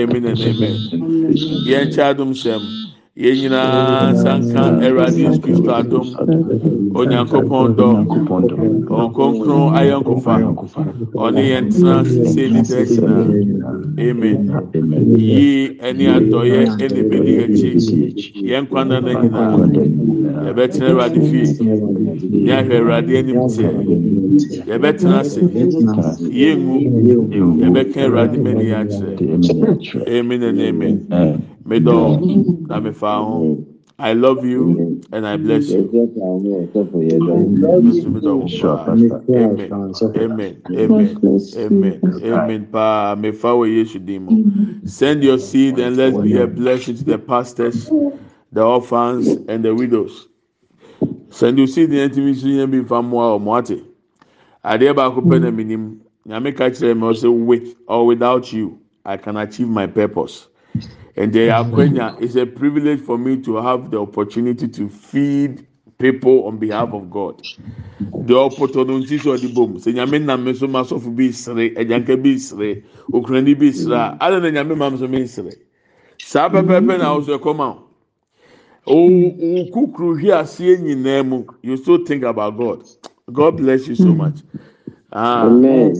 eminemi yan cadum sem yɛn nyinaa sanka awurade yesu kristo adom onyankopɔn dɔ ɔnkonkron ayɔnkofa ɔne yɛn tena sise ne dɛ nyinaa amen yi ɛne adɔyɛ ɛne bɛni akyi yɛn kwana na nyinaa yɛbɛtena awurade fie ne ahwɛ awurade anim teɛ yɛbɛtena ase yɛngu yɛbɛka awurade bɛni akyerɛ amen and amen. Medom, Damifaho. I love you and I bless you. Amen. Amen. Amen. Amen. Amen. Pa, Send your seed and let's be a blessing to the pastors, the orphans, and the widows. Send your seed and be famwa or mwate. Adeɛ baako pɛ na minim. Nyame ka kyerɛ mi ɔsɛ with or without you I can achieve my purpose. And they are Akwenya, it's a privilege for me to have the opportunity to feed people on behalf of God. The opportunity so the boom. Say nyame na me so much of so fu bi sere, ejanka bi sere, okrani bi sere. Ada na nyame ma so me sere. Sa pepepe na also come out. O kukru here, ase nyina name. You still think about God. God bless you so hmm. much. Ah,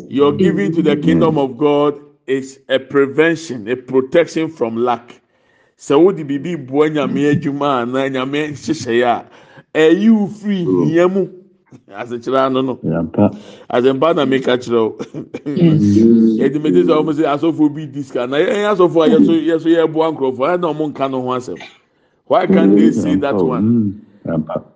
You're giving to the kingdom of God is a prevention, a protection from lack. Sɛ wodi bibi bua nyame adwuma anaa nyame nhyehyɛ a, ɛyi wo firi hia mu. Asekyerɛ ano no. Asempa na meka kyerɛ o. Yɛdi meti sɛ ɔmo sɛ asɔfo bi di sika na yɛn asɔfo a yɛso hmm. yɛso yɛ bua nkorɔfo ɛna ɔmo nka no ho asɛm. Why can't they see that one? Hmm.